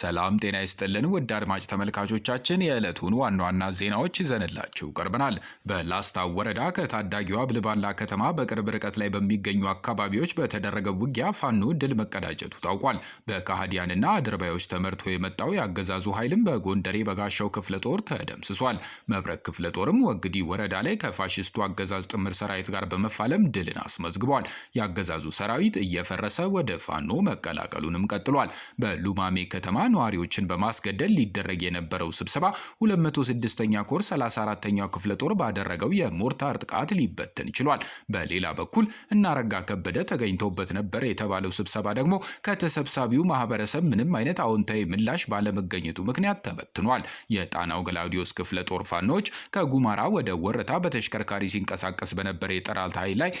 ሰላም ጤና ይስጥልን ውድ አድማጭ ተመልካቾቻችን የዕለቱን ዋና ዋና ዜናዎች ይዘንላችሁ ቀርበናል። በላስታ ወረዳ ከታዳጊዋ ብልባላ ከተማ በቅርብ ርቀት ላይ በሚገኙ አካባቢዎች በተደረገ ውጊያ ፋኖ ድል መቀዳጀቱ ታውቋል። በካህዲያንና አድርባዮች ተመርቶ የመጣው የአገዛዙ ኃይልም በጎንደሬ በጋሻው ክፍለ ጦር ተደምስሷል። መብረቅ ክፍለ ጦርም ወግዲ ወረዳ ላይ ከፋሽስቱ አገዛዝ ጥምር ሰራዊት ጋር በመፋለም ድልን አስመዝግቧል። የአገዛዙ ሰራዊት እየፈረሰ ወደ ፋኖ መቀላቀሉንም ቀጥሏል። በሉማሜ ከተማ ነዋሪዎችን በማስገደል ሊደረግ የነበረው ስብሰባ 206ኛ ኮር 34ኛው ክፍለ ጦር ባደረገው የሞርታር ጥቃት ሊበተን ችሏል። በሌላ በኩል እናረጋ ከበደ ተገኝተውበት ነበር የተባለው ስብሰባ ደግሞ ከተሰብሳቢው ማህበረሰብ ምንም አይነት አዎንታዊ ምላሽ ባለመገኘቱ ምክንያት ተበትኗል። የጣናው ገላውዲዮስ ክፍለ ጦር ፋኖች ከጉማራ ወደ ወረታ በተሽከርካሪ ሲንቀሳቀስ በነበረ የጠራልት ኃይል ላይ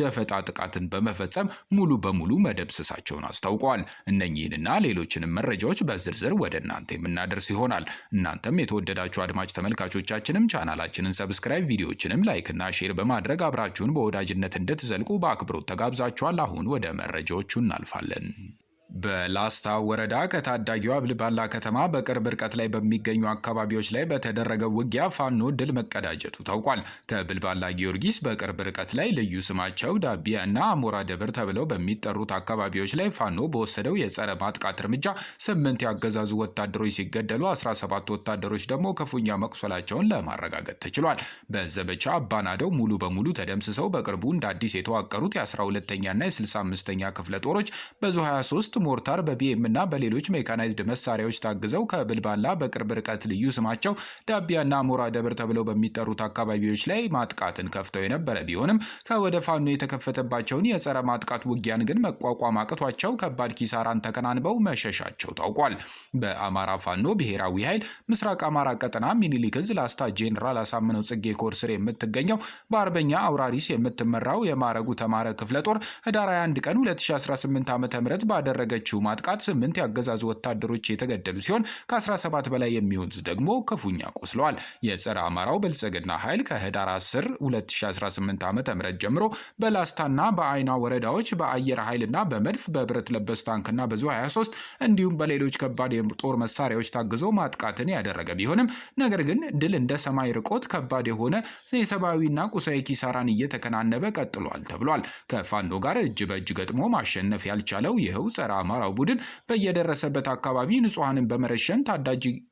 ደፈጣ ጥቃትን በመፈጸም ሙሉ በሙሉ መደምሰሳቸውን አስታውቀዋል። እነኚህንና ሌሎችንም መረጃዎች በዝርዝር ወደ እናንተ የምናደርስ ይሆናል። እናንተም የተወደዳችሁ አድማጭ ተመልካቾቻችንም ቻናላችንን ሰብስክራይብ፣ ቪዲዮችንም ላይክና ሼር በማድረግ አብራችሁን በወዳጅነት እንድትዘልቁ በአክብሮት ተጋብዛችኋል። አሁን ወደ መረጃዎቹ እናልፋለን። በላስታ ወረዳ ከታዳጊዋ ብልባላ ከተማ በቅርብ ርቀት ላይ በሚገኙ አካባቢዎች ላይ በተደረገ ውጊያ ፋኖ ድል መቀዳጀቱ ታውቋል። ከብልባላ ጊዮርጊስ በቅርብ ርቀት ላይ ልዩ ስማቸው ዳቢያ እና አሞራ ደብር ተብለው በሚጠሩት አካባቢዎች ላይ ፋኖ በወሰደው የጸረ ማጥቃት እርምጃ ስምንት ያገዛዙ ወታደሮች ሲገደሉ 17 ወታደሮች ደግሞ ክፉኛ መቁሰላቸውን ለማረጋገጥ ተችሏል። በዘመቻ አባናደው ሙሉ በሙሉ ተደምስሰው በቅርቡ እንደ አዲስ የተዋቀሩት የ12ኛና የ65ኛ ክፍለ ጦሮች በዙ 23 ሞርታር በቢኤም እና በሌሎች ሜካናይዝድ መሳሪያዎች ታግዘው ከብልባላ በቅርብ ርቀት ልዩ ስማቸው ዳቢያና ሞራ ደብር ተብለው በሚጠሩት አካባቢዎች ላይ ማጥቃትን ከፍተው የነበረ ቢሆንም ከወደ ፋኖ የተከፈተባቸውን የጸረ ማጥቃት ውጊያን ግን መቋቋም አቅቷቸው ከባድ ኪሳራን ተከናንበው መሸሻቸው ታውቋል። በአማራ ፋኖ ብሔራዊ ኃይል ምስራቅ አማራ ቀጠና ሚኒሊክ እዝ ላስታ ጄኔራል አሳምነው ጽጌ ኮር ስር የምትገኘው በአርበኛ አውራሪስ የምትመራው የማረጉ ተማረ ክፍለ ጦር ህዳር 21 ቀን 2018 ዓ ም ባደረገ ባደረገችው ማጥቃት ስምንት የአገዛዙ ወታደሮች የተገደሉ ሲሆን ከ17 በላይ የሚሆኑት ደግሞ ክፉኛ ቆስለዋል። የጸረ አማራው ብልጽግና ኃይል ከህዳር 10 2018 ዓ ም ጀምሮ በላስታና በአይና ወረዳዎች በአየር ኃይልና በመድፍ በብረት ለበስ ታንክና በዙ 23 እንዲሁም በሌሎች ከባድ የጦር መሳሪያዎች ታግዞ ማጥቃትን ያደረገ ቢሆንም ነገር ግን ድል እንደ ሰማይ ርቆት ከባድ የሆነ የሰብአዊና ቁሳዊ ኪሳራን እየተከናነበ ቀጥሏል ተብሏል። ከፋኖ ጋር እጅ በእጅ ገጥሞ ማሸነፍ ያልቻለው ይኸው ጸረ የአማራው ቡድን በየደረሰበት አካባቢ ንጹሐንን በመረሸን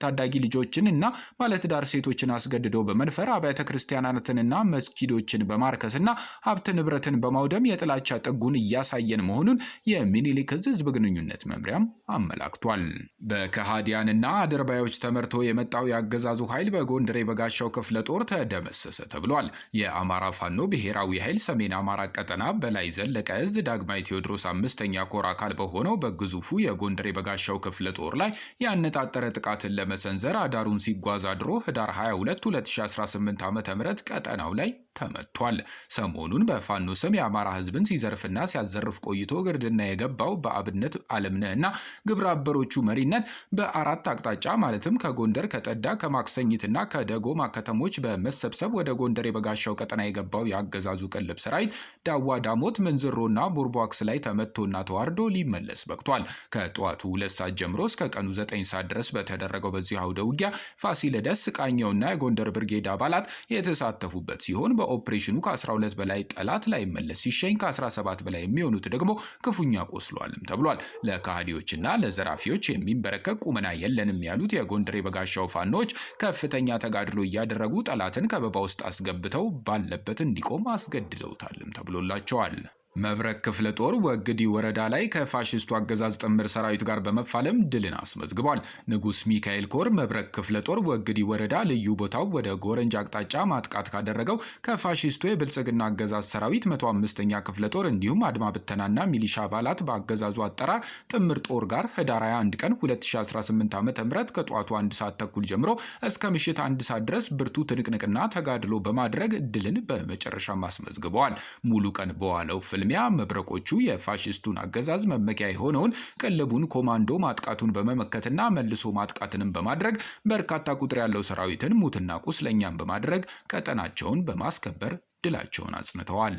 ታዳጊ ልጆችን እና ባለትዳር ሴቶችን አስገድዶ በመድፈር አብያተ ክርስቲያናትንና መስጊዶችን በማርከስና ሀብት ንብረትን በማውደም የጥላቻ ጥጉን እያሳየን መሆኑን የሚኒሊክ እዝ ህዝብ ግንኙነት መምሪያም አመላክቷል። በከሃዲያንና አደርባዮች ተመርቶ የመጣው የአገዛዙ ኃይል በጎንደር የበጋሻው ክፍለ ጦር ተደመሰሰ ተብሏል። የአማራ ፋኖ ብሔራዊ ኃይል ሰሜን አማራ ቀጠና በላይ ዘለቀ እዝ ዳግማዊ ቴዎድሮስ አምስተኛ ኮር አካል በሆነው በግዙፉ የጎንደር የበጋሻው ክፍለ ጦር ላይ ያነጣጠረ ጥቃትን ለመሰንዘር አዳሩን ሲጓዝ አድሮ ህዳር 22 2018 ዓ.ም ቀጠናው ላይ ተመቷል። ሰሞኑን በፋኖ ስም የአማራ ህዝብን ሲዘርፍና ሲያዘርፍ ቆይቶ ግርድና የገባው በአብነት አለምነህና ግብረ አበሮቹ መሪነት በአራት አቅጣጫ ማለትም ከጎንደር፣ ከጠዳ፣ ከማክሰኝትና ከደጎማ ከተሞች በመሰብሰብ ወደ ጎንደር የበጋሻው ቀጠና የገባው የአገዛዙ ቅልብ ሰራዊት ዳዋ ዳሞት፣ ምንዝሮና ቦርቧክስ ላይ ተመቶና ተዋርዶ ሊመለስ በቅቷል። ከጠዋቱ ሁለት ሰዓት ጀምሮ እስከ ቀኑ ዘጠኝ ሰዓት ድረስ በተደረገው በዚህ አውደ ውጊያ ፋሲለደስ ቃኘውና የጎንደር ብርጌድ አባላት የተሳተፉበት ሲሆን በኦፕሬሽኑ ከ12 በላይ ጠላት ላይ መለስ ሲሸኝ ከ17 በላይ የሚሆኑት ደግሞ ክፉኛ ቆስሏልም ተብሏል። ለካሃዲዎችና ለዘራፊዎች የሚንበረከቅ ቁመና የለንም ያሉት የጎንደር የበጋሻው ፋኖች ከፍተኛ ተጋድሎ እያደረጉ ጠላትን ከበባ ውስጥ አስገብተው ባለበት እንዲቆም አስገድደውታልም ተብሎላቸዋል። መብረቅ ክፍለ ጦር ወግዲ ወረዳ ላይ ከፋሽስቱ አገዛዝ ጥምር ሰራዊት ጋር በመፋለም ድልን አስመዝግቧል። ንጉስ ሚካኤል ኮር መብረቅ ክፍለ ጦር ወግዲ ወረዳ ልዩ ቦታው ወደ ጎረንጅ አቅጣጫ ማጥቃት ካደረገው ከፋሽስቱ የብልጽግና አገዛዝ ሰራዊት መቶ ኛ ክፍለ ጦር እንዲሁም አድማ ብተናና ሚሊሻ አባላት በአገዛዙ አጠራር ጥምር ጦር ጋር ህዳር 21 ቀን 2018 ዓ ም ከጠዋቱ አንድ ሰዓት ተኩል ጀምሮ እስከ ምሽት አንድ ሰዓት ድረስ ብርቱ ትንቅንቅና ተጋድሎ በማድረግ ድልን በመጨረሻ አስመዝግበዋል። ሙሉ ቀን በዋለው ፍልሚያ መብረቆቹ የፋሽስቱን አገዛዝ መመኪያ የሆነውን ቅልቡን ኮማንዶ ማጥቃቱን በመመከትና መልሶ ማጥቃትንም በማድረግ በርካታ ቁጥር ያለው ሰራዊትን ሙትና ቁስለኛን በማድረግ ቀጠናቸውን በማስከበር ድላቸውን አጽንተዋል።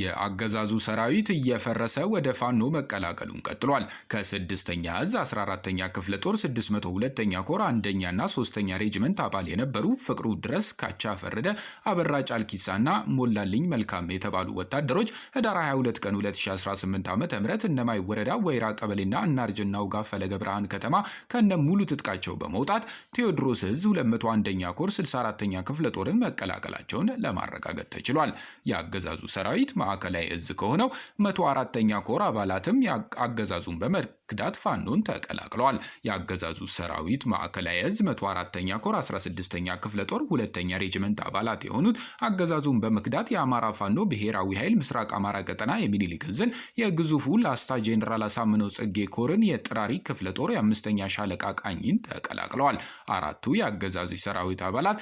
የአገዛዙ ሰራዊት እየፈረሰ ወደ ፋኖ መቀላቀሉን ቀጥሏል። ከስድስተኛ እዝ 14ተኛ ክፍለ ጦር 602ኛ ኮር አንደኛና ሶስተኛ ሬጅመንት አባል የነበሩ ፍቅሩ ድረስ፣ ካቻ ፈረደ፣ አበራ ጫልኪሳና ሞላልኝ መልካም የተባሉ ወታደሮች ህዳር 22 ቀን 2018 ዓ ም እነማይ ወረዳ ወይራ ቀበሌና እናርጅናው ጋር ፈለገ ብርሃን ከተማ ከነ ሙሉ ትጥቃቸው በመውጣት ቴዎድሮስ እዝ 201ኛ ኮር 64ተኛ ክፍለ ጦርን መቀላቀላቸውን ለማረጋገጥ ተችሏል። ተናግሯል። የአገዛዙ ሰራዊት ማዕከላዊ እዝ ከሆነው መቶ አራተኛ ኮር አባላትም አገዛዙን በመ በመክዳት ፋኖን ተቀላቅለዋል። የአገዛዙ ሰራዊት ማዕከላዊ እዝ 14 ኛ ኮር 16ኛ ክፍለ ጦር ሁለተኛ ሬጅመንት አባላት የሆኑት አገዛዙን በመክዳት የአማራ ፋኖ ብሔራዊ ኃይል ምስራቅ አማራ ቀጠና የሚኒሊክ እዝን የግዙፉ ላስታ ጄኔራል አሳምነው ጽጌ ኮርን የጥራሪ ክፍለ ጦር የአምስተኛ ሻለቃ ቃኝን ተቀላቅለዋል። አራቱ የአገዛዙ ሰራዊት አባላት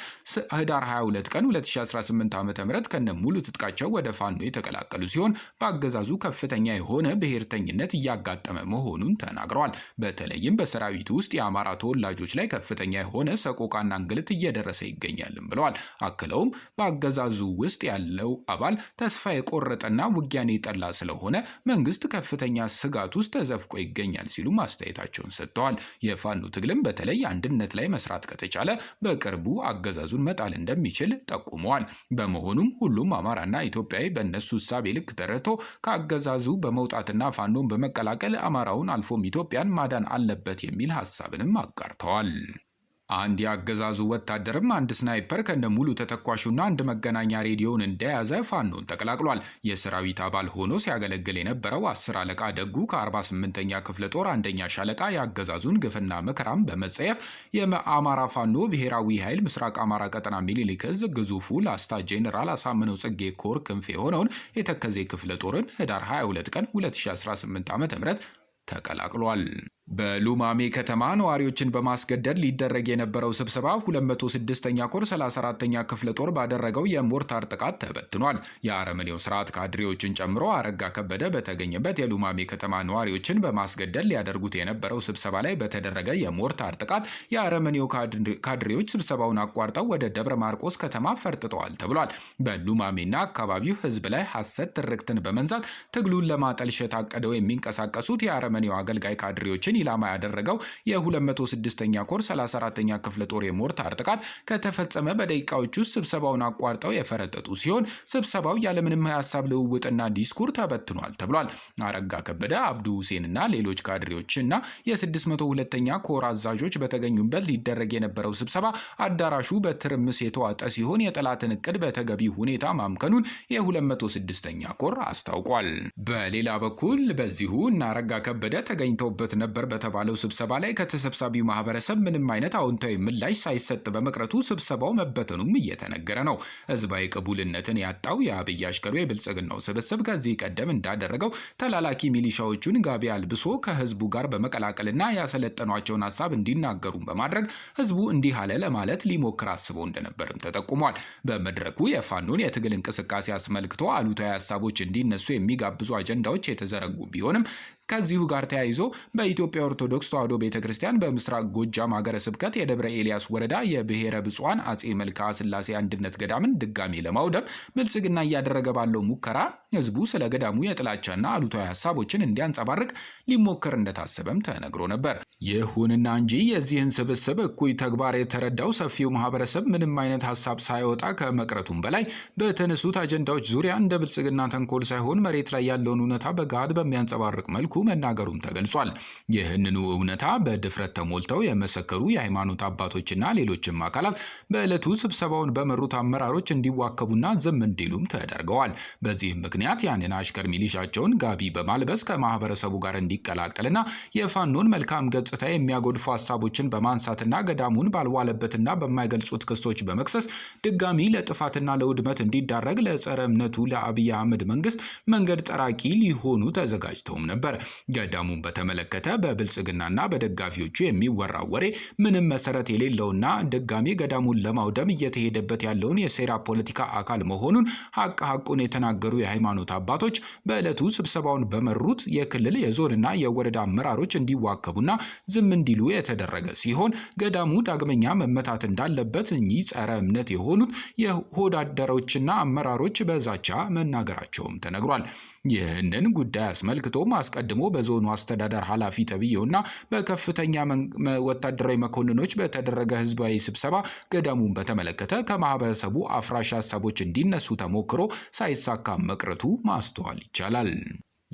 ህዳር 22 ቀን 2018 ዓ ም ከነ ሙሉ ትጥቃቸው ወደ ፋኖ የተቀላቀሉ ሲሆን በአገዛዙ ከፍተኛ የሆነ ብሔርተኝነት እያጋጠመ መሆኑን ተናግረዋል። በተለይም በሰራዊቱ ውስጥ የአማራ ተወላጆች ላይ ከፍተኛ የሆነ ሰቆቃና እንግልት እየደረሰ ይገኛልም ብለዋል። አክለውም በአገዛዙ ውስጥ ያለው አባል ተስፋ የቆረጠና ውጊያን የጠላ ስለሆነ መንግስት ከፍተኛ ስጋት ውስጥ ተዘፍቆ ይገኛል ሲሉ ማስተያየታቸውን ሰጥተዋል። የፋኑ ትግልም በተለይ አንድነት ላይ መስራት ከተቻለ በቅርቡ አገዛዙን መጣል እንደሚችል ጠቁመዋል። በመሆኑም ሁሉም አማራና ኢትዮጵያዊ በእነሱ እሳቤ ልክ ተረድቶ ከአገዛዙ በመውጣትና ፋኖን በመቀላቀል አማራውን አልፎም ኢትዮጵያን ማዳን አለበት የሚል ሀሳብንም አጋርተዋል። አንድ የአገዛዙ ወታደርም አንድ ስናይፐር ከነ ሙሉ ተተኳሹና አንድ መገናኛ ሬዲዮን እንደያዘ ፋኖን ተቀላቅሏል። የሰራዊት አባል ሆኖ ሲያገለግል የነበረው አስር አለቃ ደጉ ከ48ኛ ክፍለ ጦር አንደኛ ሻለቃ የአገዛዙን ግፍና መከራም በመጸየፍ የአማራ ፋኖ ብሔራዊ ኃይል ምስራቅ አማራ ቀጠና ሚኒሊክ ግዙፉ ላስታ ጄኔራል አሳምነው ጽጌ ኮር ክንፍ የሆነውን የተከዜ ክፍለ ጦርን ህዳር 22 ቀን 2018 ዓ ም a escala በሉማሜ ከተማ ነዋሪዎችን በማስገደድ ሊደረግ የነበረው ስብሰባ 206ኛ ኮር 34ኛ ክፍለ ጦር ባደረገው የሞርታር ጥቃት ተበትኗል። የአረመኔው ስርዓት ካድሬዎችን ጨምሮ አረጋ ከበደ በተገኘበት የሉማሜ ከተማ ነዋሪዎችን በማስገደድ ሊያደርጉት የነበረው ስብሰባ ላይ በተደረገ የሞርታር ጥቃት የአረመኔው ካድሬዎች ስብሰባውን አቋርጠው ወደ ደብረ ማርቆስ ከተማ ፈርጥጠዋል ተብሏል። በሉማሜና አካባቢው ህዝብ ላይ ሐሰት ትርክትን በመንዛት ትግሉን ለማጠልሸት አቅደው የሚንቀሳቀሱት የአረመኔው አገልጋይ ካድሬዎችን ኢላማ ያደረገው የ206ኛ ኮር 34ኛ ክፍለ ጦር የሞርታር ጥቃት ከተፈጸመ በደቂቃዎች ውስጥ ስብሰባውን አቋርጠው የፈረጠጡ ሲሆን ስብሰባው ያለምንም ሀሳብ ልውውጥና ዲስኩር ተበትኗል ተብሏል። አረጋ ከበደ፣ አብዱ ሁሴንና ሌሎች ካድሬዎች እና የ602ኛ ኮር አዛዦች በተገኙበት ሊደረግ የነበረው ስብሰባ አዳራሹ በትርምስ የተዋጠ ሲሆን የጠላትን እቅድ በተገቢ ሁኔታ ማምከኑን የ206ኛ ኮር አስታውቋል። በሌላ በኩል በዚሁ እነ አረጋ ከበደ ተገኝተውበት ነበር በተባለው ስብሰባ ላይ ከተሰብሳቢው ማህበረሰብ ምንም አይነት አዎንታዊ ምላሽ ሳይሰጥ በመቅረቱ ስብሰባው መበተኑም እየተነገረ ነው። ህዝባዊ ቅቡልነትን ያጣው የአብይ አሽከሩ የብልጽግናው ስብስብ ከዚህ ቀደም እንዳደረገው ተላላኪ ሚሊሻዎቹን ጋቢ አልብሶ ከህዝቡ ጋር በመቀላቀልና ያሰለጠኗቸውን ሀሳብ እንዲናገሩም በማድረግ ህዝቡ እንዲህ አለ ለማለት ሊሞክር አስበው እንደነበርም ተጠቁሟል። በመድረኩ የፋኖን የትግል እንቅስቃሴ አስመልክቶ አሉታዊ ሀሳቦች እንዲነሱ የሚጋብዙ አጀንዳዎች የተዘረጉ ቢሆንም ከዚሁ ጋር ተያይዞ በኢትዮጵያ ኦርቶዶክስ ተዋሕዶ ቤተ ክርስቲያን በምስራቅ ጎጃም ሀገረ ስብከት የደብረ ኤልያስ ወረዳ የብሔረ ብፁዓን አጼ መልክዓ ስላሴ አንድነት ገዳምን ድጋሜ ለማውደም ብልጽግና እያደረገ ባለው ሙከራ ህዝቡ ስለ ገዳሙ የጥላቻና አሉታዊ ሀሳቦችን እንዲያንጸባርቅ ሊሞከር እንደታሰበም ተነግሮ ነበር። ይሁንና እንጂ የዚህን ስብስብ እኩይ ተግባር የተረዳው ሰፊው ማህበረሰብ ምንም አይነት ሀሳብ ሳይወጣ ከመቅረቱም በላይ በተነሱት አጀንዳዎች ዙሪያ እንደ ብልጽግና ተንኮል ሳይሆን መሬት ላይ ያለውን እውነታ በገሃድ በሚያንጸባርቅ መልኩ መናገሩም ተገልጿል። ይህንኑ እውነታ በድፍረት ተሞልተው የመሰከሩ የሃይማኖት አባቶችና ሌሎችም አካላት በዕለቱ ስብሰባውን በመሩት አመራሮች እንዲዋከቡና ዝም እንዲሉም ተደርገዋል። በዚህም ምክንያት ያንን አሽከር ሚሊሻቸውን ጋቢ በማልበስ ከማህበረሰቡ ጋር እንዲቀላቀልና የፋኖን መልካም ገጽታ የሚያጎድፉ ሀሳቦችን በማንሳትና ገዳሙን ባልዋለበትና በማይገልጹት ክሶች በመክሰስ ድጋሚ ለጥፋትና ለውድመት እንዲዳረግ ለጸረ እምነቱ ለአብይ አህመድ መንግስት መንገድ ጠራቂ ሊሆኑ ተዘጋጅተውም ነበር። ገዳሙን በተመለከተ በብልጽግናና በደጋፊዎቹ የሚወራወሬ ወሬ ምንም መሰረት የሌለውና ድጋሚ ገዳሙን ለማውደም እየተሄደበት ያለውን የሴራ ፖለቲካ አካል መሆኑን ሀቅ ሀቁን የተናገሩ የሃይማኖት አባቶች በዕለቱ ስብሰባውን በመሩት የክልል የዞንና የወረዳ አመራሮች እንዲዋከቡና ዝም እንዲሉ የተደረገ ሲሆን ገዳሙ ዳግመኛ መመታት እንዳለበት እኚህ ጸረ እምነት የሆኑት የሆዳደሮችና አመራሮች በዛቻ መናገራቸውም ተነግሯል። ይህንን ጉዳይ አስመልክቶም አስቀድሞ በዞኑ አስተዳደር ኃላፊ እና በከፍተኛ ወታደራዊ መኮንኖች በተደረገ ህዝባዊ ስብሰባ ገዳሙን በተመለከተ ከማህበረሰቡ አፍራሽ ሀሳቦች እንዲነሱ ተሞክሮ ሳይሳካ መቅረቱ ማስተዋል ይቻላል።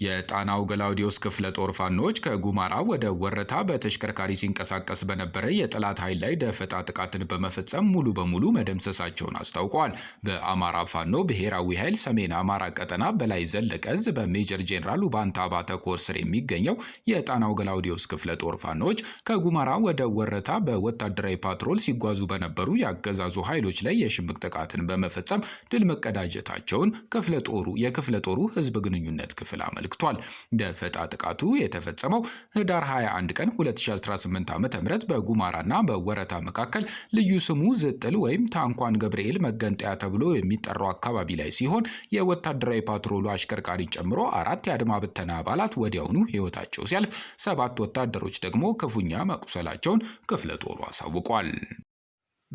የጣናው ገላውዲዮስ ክፍለ ጦር ፋኖች ከጉማራ ወደ ወረታ በተሽከርካሪ ሲንቀሳቀስ በነበረ የጠላት ኃይል ላይ ደፈጣ ጥቃትን በመፈጸም ሙሉ በሙሉ መደምሰሳቸውን አስታውቋል። በአማራ ፋኖ ብሔራዊ ኃይል ሰሜን አማራ ቀጠና በላይ ዘለቀዝ በሜጀር ጄኔራል ባንታ አባተ ኮር ስር የሚገኘው የጣናው ገላውዲዮስ ክፍለ ጦር ፋኖች ከጉማራ ወደ ወረታ በወታደራዊ ፓትሮል ሲጓዙ በነበሩ የአገዛዙ ኃይሎች ላይ የሽምቅ ጥቃትን በመፈጸም ድል መቀዳጀታቸውን ክፍለ ጦሩ የክፍለ ጦሩ ህዝብ ግንኙነት ክፍል አመልክቷል። አመልክቷል። ደፈጣ ጥቃቱ የተፈጸመው ህዳር 21 ቀን 2018 ዓ ም በጉማራና በወረታ መካከል ልዩ ስሙ ዝጥል ወይም ታንኳን ገብርኤል መገንጠያ ተብሎ የሚጠራው አካባቢ ላይ ሲሆን የወታደራዊ ፓትሮሉ አሽከርካሪን ጨምሮ አራት የአድማ ብተና አባላት ወዲያውኑ ህይወታቸው ሲያልፍ ሰባት ወታደሮች ደግሞ ክፉኛ መቁሰላቸውን ክፍለ ጦሩ አሳውቋል።